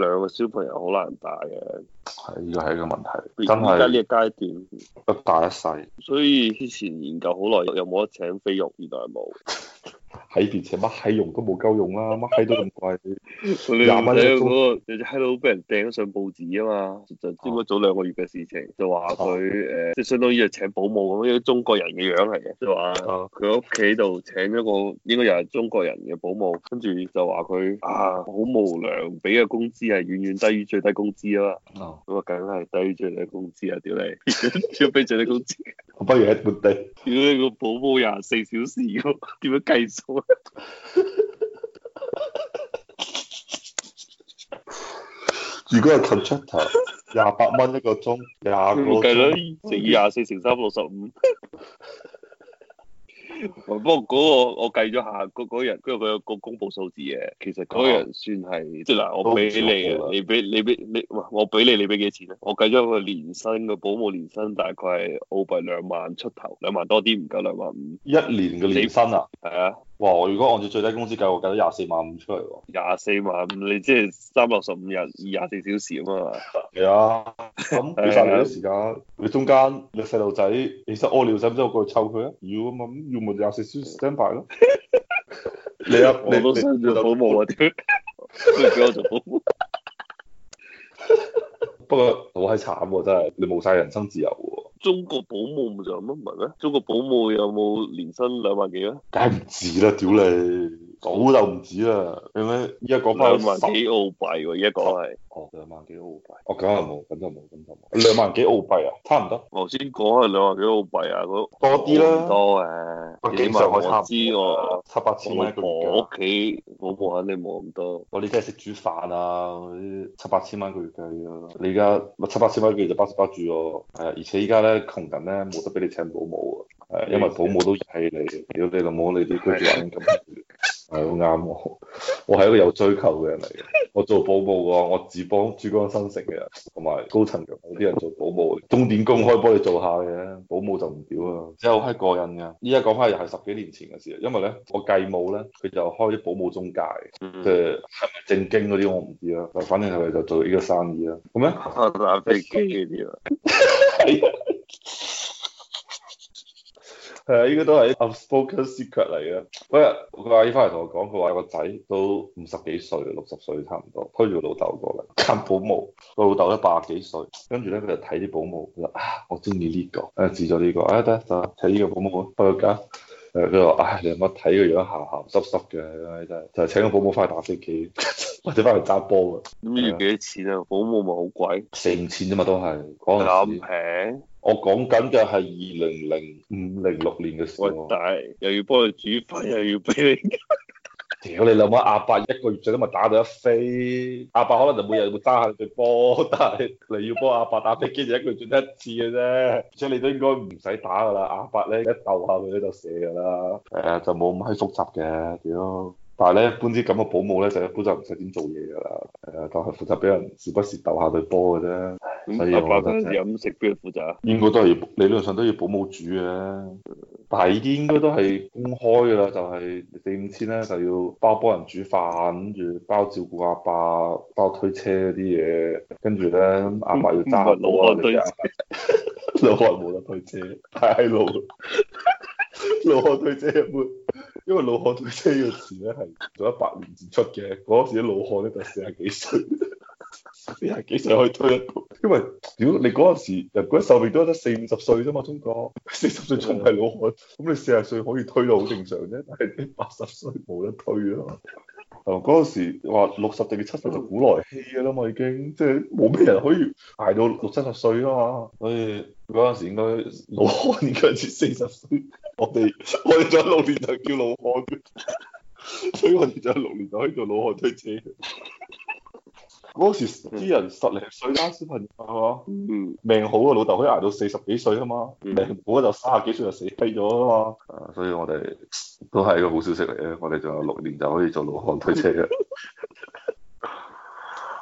兩個小朋友好難帶嘅，係呢個係一個問題真係。而家呢個階段，一大一細，所以之前研究好耐，有冇得請菲傭，原來冇。喺邊請乜閪用都冇、啊，夠用啦！乜閪都咁貴，廿蚊一鐘。有隻閪佬俾人掟咗上報紙啊嘛，哦、就應該早兩個月嘅事情，就話佢誒，即係、哦呃、相當於就請保姆咁，因為中國人嘅樣嚟嘅，就話佢屋企度請咗個應該又係中國人嘅保姆，跟住就話佢啊，好無良，俾嘅工資係遠遠低於最低工資啊嘛。咁、哦、啊，梗係低於最低工資啊！屌你，要俾最低工資。不如喺本地。如果你個寶寶廿四小時，點樣計數啊？ 如果係 contractor，廿八蚊一個鐘，廿個計啦，乘以廿四乘三六十五。 不，不過嗰、嗰個我計咗下，嗰嗰人，因為佢有個公佈數字嘅，其實嗰人算係，嗯、即係嗱，我俾你，你，你，你，你，你，你俾你俾你，我俾你，你俾幾多錢咧？我計咗佢年薪，個保姆年薪大概係澳幣兩萬出頭，兩萬多啲，唔夠兩萬五，一年嘅年薪啊？哇！如果按照最低工資計，我計到廿四萬五出嚟喎。廿四萬五，你即係三百六十五日二廿四小時咁啊嘛。係啊，咁要晒幾多時間？你中間你細路仔，你塞屙尿使唔使我過去湊佢啊？要啊嘛，咁要唔要廿四小時 stand by 咯？ 你啊，你我都想做保姆啊屌 啊！你俾我做保姆。不過好閪慘喎，真係你冇晒人生自由喎。中國保姆咪就乜問題咩？中國保姆有冇年薪兩萬幾啊？梗係唔止啦，屌你，早就唔止啦，你咩？依家講翻兩萬幾澳幣喎，依家講係。哦，兩萬幾澳幣，哦，梗係冇，梗都冇，梗都冇。兩萬幾澳幣啊？差唔多，我先講係兩萬幾澳幣啊，嗰多啲啦，多嘅。幾萬我知喎，七八千蚊一個月我屋企老婆肯定冇咁多。我哋即係識煮飯啊嗰啲，七八千蚊一個月計咯。你而家七八千蚊一個月就包食包住喎。誒，而且依家咧窮人咧冇得俾你請保姆喎。係，因為保姆都熱你，如果 你老母，你哋居住揾緊 係好啱我，我係一個有追求嘅人嚟嘅。我做保姆嘅，我只幫珠江新城嘅人，同埋高層嗰啲人做保姆，鐘點工可以幫佢做下嘅，保姆就唔屌啊！即係好閪過癮噶。依家講翻又係十幾年前嘅事，因為咧我繼母咧，佢就開啲保姆中介即係、mm hmm. 正經嗰啲我唔知啦，反正係咪就做呢個生意啦？咁咧？啊！飛係啊，應該都係啲 spoken secret 嚟嘅。嗰日個阿姨翻嚟同我講，佢話個仔都五十幾歲，六十歲差唔多，推住老豆過嚟探保姆。個老豆都八十幾歲，跟住咧佢就睇啲保姆，佢話：我中意呢個，誒試咗呢個，誒得睇呢個保姆好，翻去家。誒佢話：唉，你有乜睇個樣鹹鹹濕濕嘅，真係就係、是、請個保姆翻去打飛機， 或者翻去揸波嘅。咁要幾多錢啊？啊保姆咪好貴，成千啫嘛都係。咁平？我講緊嘅係二零零五零六年嘅事喎。但係又要幫佢煮飯，又要俾你。 屌你老母阿伯一個月最多咪打到一飛，阿伯，伯可能就每日會揸下對波，但係你要幫阿伯，伯打飛機就一個月轉一次嘅啫，所以你都應該唔使打噶啦，阿伯咧一鬥下佢就射噶啦。係啊，呃，就冇咁閪複雜嘅。屌，呃！但係咧，一般啲咁嘅保姆咧就一般就唔使點做嘢噶啦，係，呃、就係負責俾人時不時鬥下對波嘅啫。咁阿伯咧飲食邊個負責啊？應該都係理論上都要保姆煮嘅。但係依啲應該都係公開㗎啦，就係四五千咧就要包幫人煮飯，跟住包照顧阿爸,爸，包推車嗰啲嘢，跟住咧阿爸要揸去、嗯嗯、多老漢、啊、推車， 老漢冇得推車，太老老漢推車一般，因為老漢推車嗰時咧係做一百年先出嘅，嗰時啲老漢咧就四廿幾歲，四廿幾歲可以推車？因為屌你嗰陣時人嗰啲壽命都得四五十歲啫嘛，中國四十歲仲係老漢，咁你四十歲可以推都好正常啫，但係你八十歲冇得推啊嘛。嗰陣時話六十定七十就古來稀嘅啦嘛，已經即係冇咩人可以捱到六七十歲啊嘛。所以嗰陣時應該老漢年陣時四十歲，我哋我哋做六年就叫老漢，所以我哋做六年就可以做老漢推車。嗰時啲人十零歲啦，小朋友係嘛？嗯、命好嘅老豆可以捱到四十幾歲啊嘛。嗯、命唔好就卅幾歲就死低咗啊嘛。啊，所以我哋都係一個好消息嚟嘅。我哋仲有六年就可以做老漢推車啦。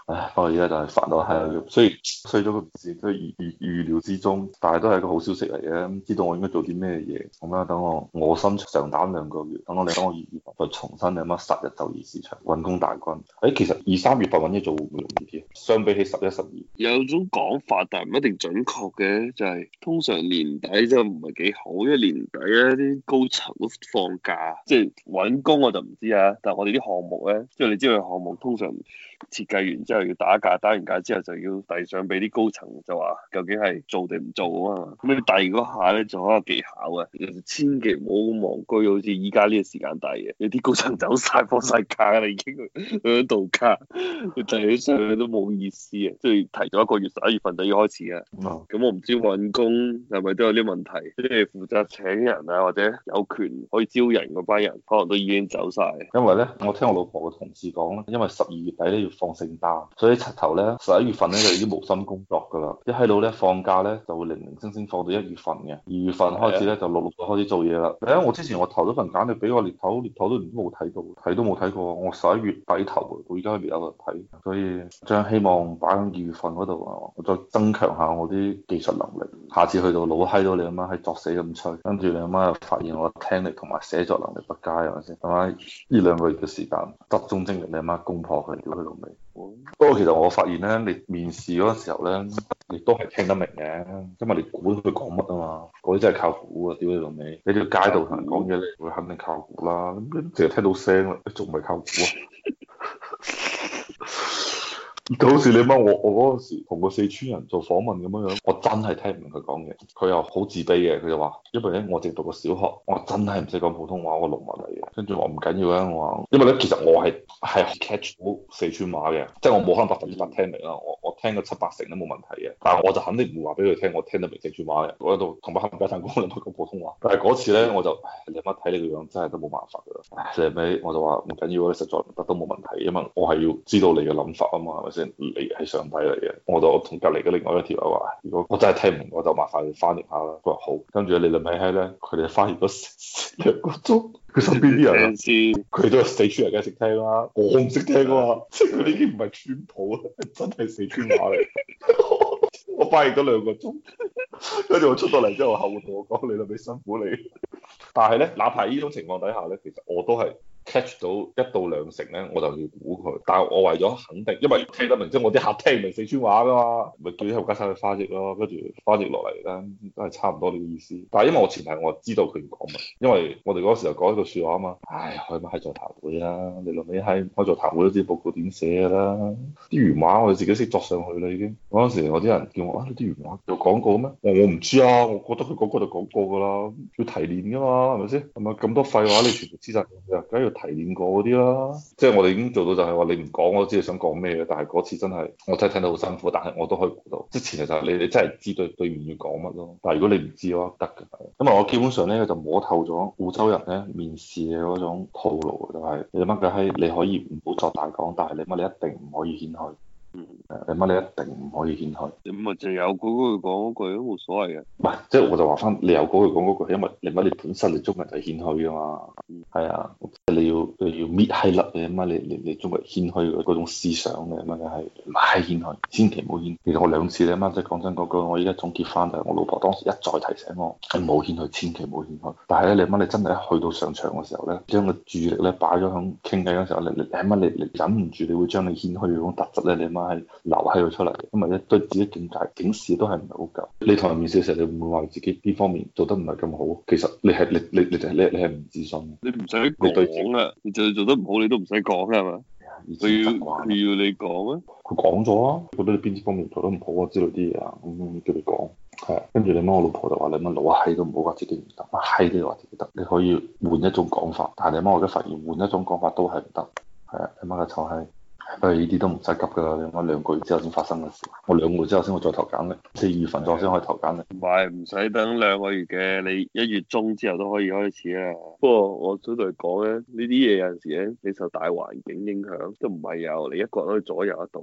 唉，我而家就係煩惱係，所以衰咗個市都預預預料之中，但係都係一個好消息嚟嘅，知道我應該做啲咩嘢。咁啊，等我我心上膽兩個月，等我嚟，等我二月份再重新，阿媽十日就業市場揾工大軍。誒、欸，其實二三月份揾嘢做會唔會容易啲？相比起十一十二，有種講法，但係唔一定準確嘅，就係、是、通常年底就唔係幾好，因為年底咧啲高層都放假，即係揾工我就唔知呀。但係我哋啲項目咧，即係你知道佢項目通常。設計完之後要打價，打完價之後就要遞上俾啲高層，就話究竟係做定唔做啊嘛。咁你遞嗰下咧仲有一個技巧啊，千祈唔好忘居，好似依家呢個時間遞嘅，有啲高層走晒，放晒假啦，你已經去去度假，遞上去都冇意思啊。即係提早一個月，十一月份就要開始啊。咁我唔知揾工係咪都有啲問題，即係負責請人啊，或者有權可以招人嗰班人，可能都已經走晒。因為咧，我聽我老婆嘅同事講咧，因為十二月底咧放聖誕，所以七頭咧十一月份咧就已經無心工作㗎啦。一閪佬咧放假咧就會零零星星放到一月份嘅，二月份開始咧的就陸陸續開始做嘢啦。我之前我投咗份簡歷俾個獵頭，獵頭都冇睇到，睇都冇睇過。我十一月底投，我而家未有人睇，所以將希望擺喺二月份嗰度啊！我再增強下我啲技術能力，下次去到老閪到你阿媽係作死咁吹，跟住你阿媽又發現我聽力同埋寫作能力不佳，係咪先？咁啊，呢兩個月嘅時間集中精力，你阿媽攻破佢。不過其實我發現咧，你面試嗰陣時候咧，你都係聽得明嘅，因為你估佢講乜啊嘛，嗰啲真係靠估啊！屌你老味，你條街道同人講嘢，你會肯定靠估啦，咁你淨係聽到聲，你仲唔係靠估啊？嗰時你問我，我嗰陣時同個四川人做訪問咁樣，我真係聽唔明佢講嘢。佢又好自卑嘅，佢就話：因為咧，我淨讀個小學，我真係唔識講普通話，我農民嚟嘅。跟住我唔緊要啊，我話因為咧，其實我係係 catch 到四川話嘅，即係我冇可能百分之百聽明啦，我。聽個七八成都冇問題嘅，但係我就肯定唔會話俾佢聽，我聽得明直傳話嘅。我喺度同班黑人雞唱歌，我都講普通話。但係嗰次咧，我就你乜睇你個樣，真係都冇辦法㗎喇。你咪我就話唔緊要，你實在唔得都冇問題，因為我係要知道你嘅諗法啊嘛，係咪先？你係上帝嚟嘅，我就同隔離嘅另外一條友話，如果我真係聽唔明，我就麻煩你翻譯下啦。佢話好，跟住你兩咪閪咧，佢哋翻譯咗兩個鐘。身邊啲人佢都係四川人梗係識聽啦、啊，我唔識聽喎、啊，即係佢已經唔係川普啦，真係四川話嚟。 我翻譯咗兩個鐘，跟住我出到嚟之後，我後台我講你特別辛苦你。 但係咧，哪怕呢種情況底下咧，其實我都係。catch 到一到兩成咧，我就要估佢。但係我為咗肯定，因為聽得明即係我啲客聽唔明四川話噶嘛，咪叫啲客家生去翻譯咯。跟住翻譯落嚟咧，都係差唔多呢個意思。但係因為我前提我知道佢唔講乜，因為我哋嗰時就講一句説話啊嘛。唉，開咪喺座談會啊？你論、啊、你喺開座談會都知報告點寫噶、啊、啦。啲原話我哋自己識作上去啦。已經嗰陣時我啲人叫我啊，呢啲原話做廣告咩？我唔知啊，我覺得佢講過就講過噶啦，要提煉噶嘛，係咪先？係咪咁多廢話你全部黐曬佢？啊？提煉過嗰啲啦，即係我哋已經做到就係話你唔講我知你想講咩嘅，但係嗰次真係我真係聽到好辛苦，但係我都可以估到。之前其實你你真係知道對、對面要講乜咯，但係如果你唔知咯得㗎，因為我基本上咧就摸透咗澳洲人咧面試嘅嗰種套路就係、是、你乜鬼閪你可以唔好作大講，但係你乜你一定唔可以掀開。你媽你一定唔可以謙虛，你咪就有嗰句講嗰句都冇所謂嘅，唔係，即係我就話翻你有嗰句講嗰句，因為你媽你本身你中文就係謙虛㗎嘛，係、嗯、啊，你要你要搣閪粒嘢，媽你你你，你，你中文謙虛嘅嗰種思想嘅，媽嘅係唔係謙虛，千祈唔好謙。其實我兩次咧，媽即係講真嗰句，我而家總結翻就係、是、我老婆當時一再提醒我，唔好謙虛，千祈唔好謙虛。但係咧，你媽你真係一去到上場嘅時候咧，將個注意力咧擺咗響傾偈嗰時候，你你你媽你你忍唔住你會將你謙虛嗰種特質咧，你媽係。你留喺度出嚟，因為咧對自己境界、警示都係唔係好夠。你同人面試嘅時候，你會唔會話自己邊方面做得唔係咁好？其實你係你你你你你係唔自信。你唔使講啊！你，你就算做得唔好，你都唔使講啦，係嘛？佢要要，要你講啊！佢講咗啊，覺得你邊啲方面做得唔好啊，之類啲嘢啊，咁、嗯、叫你講。係啊，跟住你媽，我老婆就話你媽老閪都唔好話自己唔得，閪都話自己得。你可以換一種講法，但係你媽我都發現換一種講法都係唔得。係啊，你媽嘅臭閪！誒，呢啲都唔使急噶喇，你諗下兩個月之後先發生嘅事，我兩個月之後先會再投簡歷嘅，四月份再先可以投簡歷嘅，唔係唔使等兩個月嘅，你一月中之後都可以開始喇。不過我嗰度講咧，呢啲嘢有陣時咧，你受大環境影響，都唔係由你一個人可以左右得到，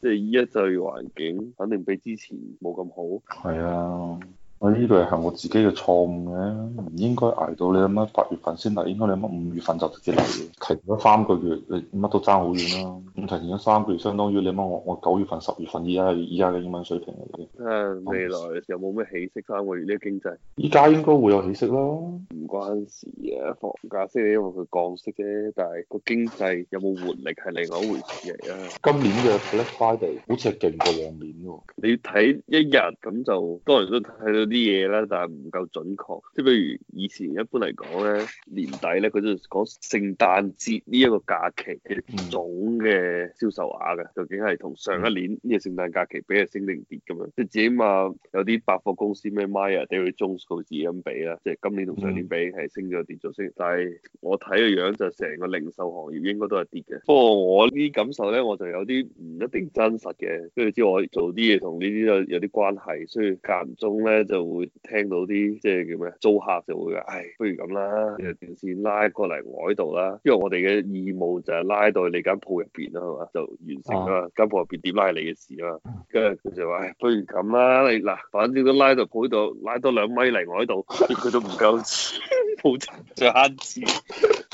即係依一就係、是、環境，肯定比之前冇咁好。係啊。我呢度係我自己嘅錯誤嘅，唔應該挨到你諗乜八月份先嚟，應該你諗乜五月份就直接嚟嘅，停咗三個月，你乜都爭好遠啦、啊。咁提前咗三個月，相當於你諗我我九月份、十月份依家依家嘅英文水平嚟嘅。啊，未來有冇咩起色三個月呢個經濟？依家應該會有起色咯，唔關事啊，房價升你因為佢降息啫、啊，但係個經濟有冇活力係另外一回事嚟啊。今年嘅 Black Friday 好似係勁過往年喎、啊。你睇一日咁就當然都睇到。啲嘢啦，但係唔夠準確，即係譬如以前一般嚟講咧，年底咧佢都講聖誕節呢一個假期嘅總嘅銷售額嘅，嗯、究竟係同上一年呢個聖誕假期比係升定跌咁樣？即係至少嘛有啲百貨公司咩 Myer 都會做數字咁比啦，即係今年同上年比係升咗跌咗升，但係我睇嘅樣就成個零售行業應該都係跌嘅。不過我啲感受咧我就有啲唔一定真實嘅，跟住知我做啲嘢同呢啲有有啲關係，所以間唔中咧就。會聽到啲即係叫咩租客就會唉，不如咁啦，條線拉過嚟我依度啦，因為我哋嘅義務就係拉到你間鋪入邊啦，係嘛，就完成啦。啊、間鋪入邊點拉你嘅事啊，跟住佢就話，不如咁啦，你嗱，反正都拉到鋪依度，拉多兩米嚟我依度，佢都唔夠錢，鋪頭就慳錢。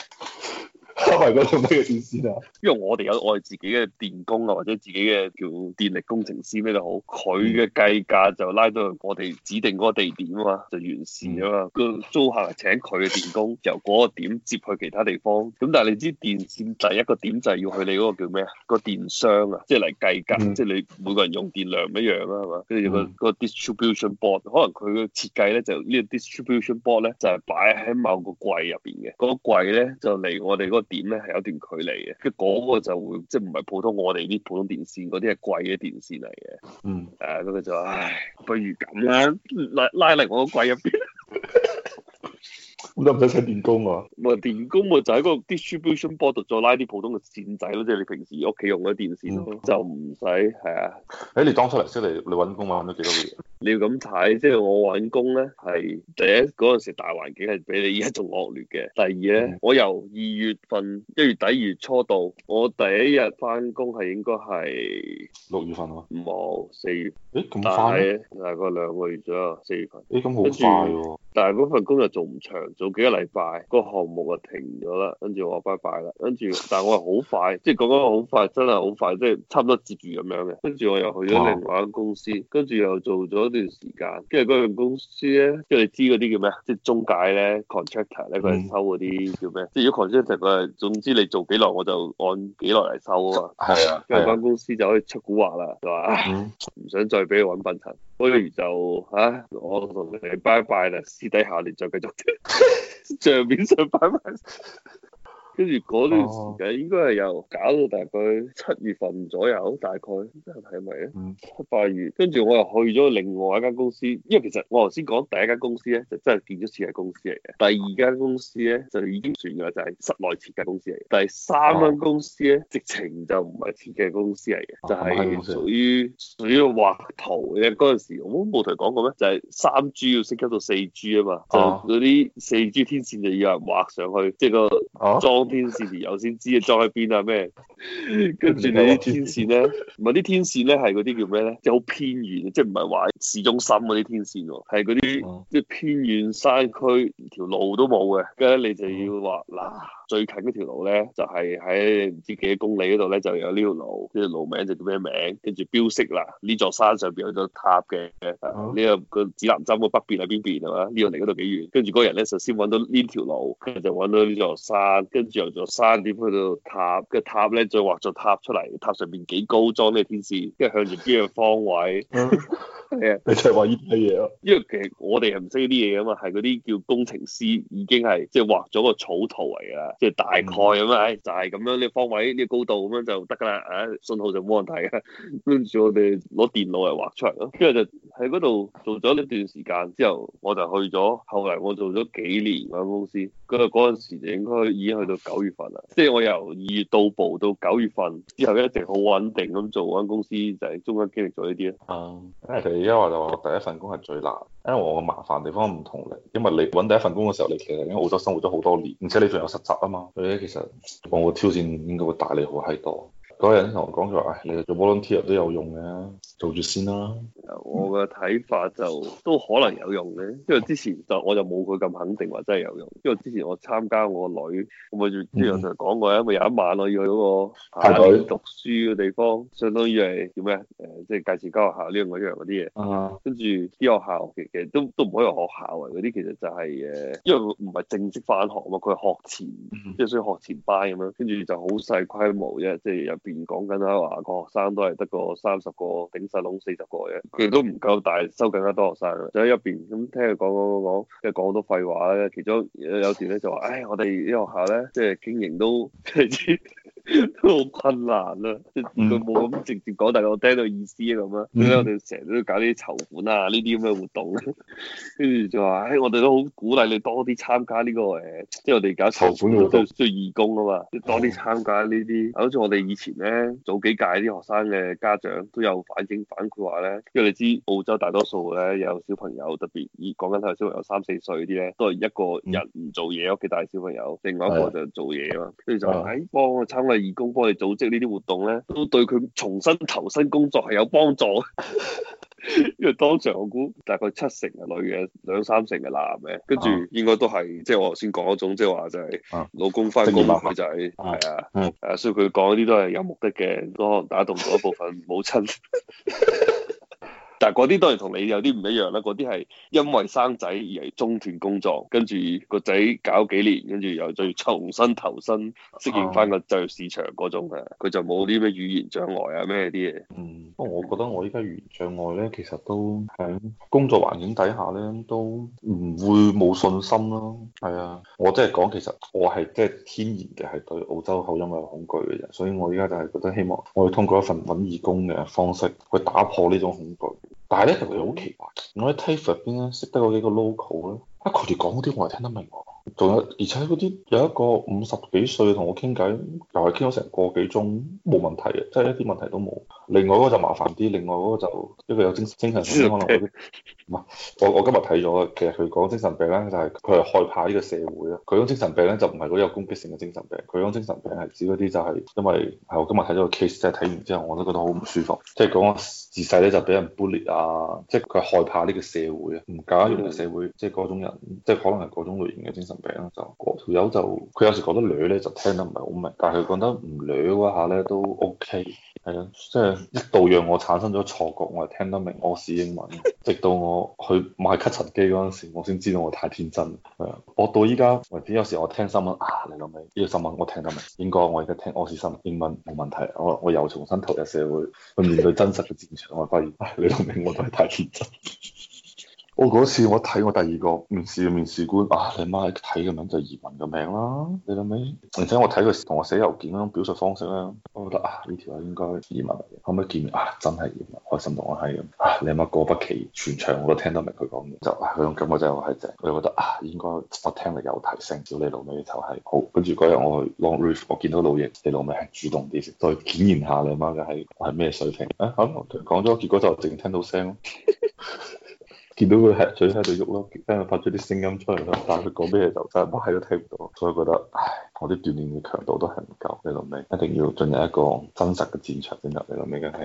係嗰個咩電線啊？因為我哋有我哋自己嘅電工啊，或者自己嘅叫電力工程師咩都好，佢嘅計價就拉到我哋指定嗰個地點啊嘛，就完事啊嘛。嗯、個租客係請佢嘅電工 由嗰個點接去其他地方。咁但係你知電線第一個點就係要去你嗰個叫咩啊？個電箱啊，即係嚟計價，即係 你每個人用電量一樣啦，係嘛？跟住個個 distribution board 可能佢嘅設計咧就呢個 distribution board 咧就係、是、擺喺某個櫃入邊嘅，嗰、嗰個櫃咧就嚟我哋嗰個電。點咧係有段距離嘅，佢、那、嗰個就會，即係唔係普通我哋啲普通電線嗰啲係貴嘅電線嚟嘅，嗯，誒、啊，咁、那、佢、個、就唉，不如咁啦，拉拉嚟我個櫃入邊。 咁都唔使使電工啊？唔係電工咪就喺個 distribution board 再拉啲普通嘅線仔咯，即、就、係、是、你平時屋企用嗰啲電線咯，嗯、就唔使係啊。誒，你當初嚟即嚟，你搵工搵咗幾多個月？ 你要咁睇，即係我搵工咧，係第一嗰陣時大環境係比你而家仲惡劣嘅。第二咧，嗯、我由二月份一月底月初到，我第一日翻工係應該係六月份啊？嘛。冇四月，誒咁快，大,大概兩個月左右，四月份。誒、欸，咁好快、啊但係嗰份工又做唔長，做幾個禮拜，個項目就停咗啦，跟住我拜拜啦。跟住，但係我係好快，即係講講好快，真係好快，即係差唔多接住咁樣嘅。跟住我又去咗另外間公司，跟住哇又做咗一段時間。跟住嗰間公司咧，即係你知嗰啲叫咩啊？即係中介咧，contractor 咧，佢係收嗰啲叫咩？即係如果 contractor 啊，總之你做幾耐，我就按幾耐嚟收啊嘛。係啊，跟住間公司就可以出蠱惑啦，就話，唔、嗯、想再俾佢揾笨層。不如就唉，我同你拜拜啦，私底下你再繼續， 場面上拜拜。 跟住嗰段時間應該係又搞到大概七月份左右，大概啲人係啊？看看嗯、七八月，跟住我又去咗另外一間公司，因為其實我頭先講第一間公司咧就真係建築設計公司嚟嘅，第二間公司咧就已經算咗就係、是、室內設計公司嚟嘅，第三間公司咧、啊、直情就唔係設計公司嚟嘅，就係、是、屬於屬於畫圖嘅。嗰陣時我冇同你講過咩？就係、是、三 G 要升級到四 G 啊嘛，啊就嗰啲四 G 天線就要有人畫上去，即係個裝。啊啊電視而後先知啊，裝喺邊啊，咩？ 跟住你啲天線咧，唔係啲天線咧，係嗰啲叫咩咧？即好偏遠，即係唔係話市中心嗰啲天線，係嗰啲即係偏遠山區，條路都冇嘅。跟住你就要話嗱、啊，最近嗰條路咧，就係喺唔知幾多公里嗰度咧，就有呢條路，呢條路名就叫咩名？跟住標識嗱，呢座山上邊有座塔嘅，呢、啊這個個指南針個北邊喺邊邊啊嘛？呢個嚟嗰度幾遠？跟住嗰人咧就先搵到呢條路，跟住就搵到呢座山，跟住由座，座山點去到塔，塔，個塔咧。再畫咗塔出嚟，塔上邊幾高，裝呢？天使，即係向住邊個方位。 係、啊、你出係話呢啲嘢咯，因為其實我哋又唔識呢啲嘢噶嘛，係嗰啲叫工程師已經係即係畫咗個草圖嚟噶啦，即、就、係、是、大概咁啊、嗯哎，就係、是、咁樣，你方位、你高度咁樣就得噶啦，啊，信號就冇人睇嘅冇問題㗎，跟住我哋攞電腦嚟畫出嚟咯，跟住就喺嗰度做咗呢段時間之後，我就去咗，後嚟我做咗幾年嗰間公司，嗰個嗰陣時就應該已經去到九月份啦，即、就、係、是、我由二月到步到九月份之後，一直好穩定咁做嗰間公司，就係、是、中於中間經歷咗呢啲咯。哦、嗯，嗯嗯。你一話就話第一份工係最難，因為我個麻煩地方唔同嚟，因為你揾第一份工嘅時候，你其實喺澳洲生活咗好多年，而且你仲有實習啊嘛，所以其實我個挑戰應該會大你好喺度。嗰、那個人同我講就話，唉，你做 volunteer 都有用嘅。做住先啦。我嘅睇法就、嗯、都可能有用嘅。因為之前就我就冇佢咁肯定話真係有用，因為之前我參加我女，我咪就、嗯、之前就講過，因為有一晚我要去嗰個女讀書嘅地方，對對相當於係叫咩？誒，即、呃、係、就是、介紹交學校呢樣嗰樣嗰啲嘢。啊，跟住啲學校其實都都唔可以話學校啊，嗰啲，其實就係、是、誒、呃，因為唔係正式翻學啊嘛，佢係學前，即係屬於學前班咁樣，跟住就好細規模啫，即係入邊講緊啊，話個學生都係得個三十個頂實四十個嘅，佢都唔夠大，收更加多學生。就喺入邊咁聽佢講，講講講，即係講好多廢話咧。其中有時咧就話：唉，我哋啲學校咧，即係經營都 都好困難啦，啊，佢冇咁直接講，但係我聽到意思咁啊。咁咧 我哋成日都搞啲籌款啊呢啲咁嘅活動，啊，跟 住就話：誒、哎、我哋都好鼓勵你多啲參加呢個誒、啊，即係我哋搞籌款嗰度做義工啊嘛，多啲參加呢啲。好似我哋以前咧，早幾屆啲學生嘅家長都有反映反饋話咧，因為你知澳洲大多數咧有小朋友，特別依講緊係小朋友三四歲啲咧，都係一個人唔做嘢，屋企帶小朋友，另外一個就做嘢啊嘛，跟住的就話：誒、哎、幫我參加。義工幫你組織呢啲活動咧，都對佢重新投身工作係有幫助。 因為當時我估大概七成嘅女嘅，兩三成嘅男嘅，跟住應該都係即係我先講嗰種，即係話就係老公翻工，女仔係啊，誒，所以佢講嗰啲都係有目的嘅，都可能打動咗一部分 母親。 但係嗰啲當然同你有啲唔一樣啦，嗰啲係因為生仔而係中斷工作，跟住個仔搞幾年，跟住又再重新投身適應翻個教育市場嗰種嘅，佢就冇啲咩語言障礙啊咩啲嘢。嗯，不過我覺得我依家語言障礙咧，其實都喺工作環境底下咧都唔會冇信心咯、啊。係啊，我即係講其實我係即係天然嘅係對澳洲口音有恐懼嘅啫，所以我依家就係覺得希望我要通過一份揾義工嘅方式去打破呢種恐懼。但係咧，佢哋好奇怪。我喺 Tape 入邊咧，識得嗰幾個 local 咧，啊佢哋講啲我係聽得明喎。仲有，而且嗰啲有一個五十幾歲同我傾偈，又係傾咗成個幾鐘，冇問題嘅，即係一啲問題都冇。另外嗰個就麻煩啲，另外嗰個就一個有精精神病，可能嗰啲。唔係，我我今日睇咗啊，其實佢講精神病咧、就是，就係佢係害怕呢個社會咯。佢種精神病咧就唔係嗰啲有攻擊性嘅精神病，佢種精神病係指嗰啲就係因為係我今日睇咗個 case，即係睇完之後我都覺得好唔舒服，即係講。自細咧就俾人 bully 啊，即係佢害怕呢個社會啊，唔夾，呢個社會即係嗰種人，即、就、係、是、可能係嗰種類型嘅精神病啦。就條友、那個、就佢有時覺得女咧就聽得唔係好明，但係佢覺得唔女嗰下咧都 OK。係咯，即係一度讓我產生咗錯覺，我係聽得明我是英文。直到我去買吸塵機嗰陣時，我先知道我太天真。係啊，我到依家，為止，有時我聽新聞啊，你諗唔諗？呢個新聞我聽得明，應該我而家聽我是新聞英文冇問題。我我又重新投入社會，去面對真實嘅戰場，我發現你諗唔諗？我都係太天真。我嗰、哦、次我睇我第二個面試嘅面試官啊，你媽睇嘅名就移民嘅名啦，你老味。而且我睇佢同我寫郵件嗰種表述方式咧，我覺得啊，呢條應該移民嚟嘅。可唔可以見面啊？真係移民，開心到我係咁啊！你媽過不期，全場我都聽得明佢講嘢，就嗰種感覺就係正。佢就覺得啊，應該我聽力有提升，屌你老味就係、是、好。跟住嗰日我去 Long Reef，我見到老爺，你老味主動啲先，再檢驗下你媽嘅係係咩水平啊？好、嗯，講、哦、咗，結果就淨聽到聲咯。呵呵呵。見到佢係嘴喺度喐咯，跟住發出啲聲音出嚟咯，但係佢講咩就真係乜嘢都聽唔到，所以覺得唉，我啲鍛鍊嘅強度都係唔夠，你明唔明？一定要進入一個真實嘅戰場先，你明唔明？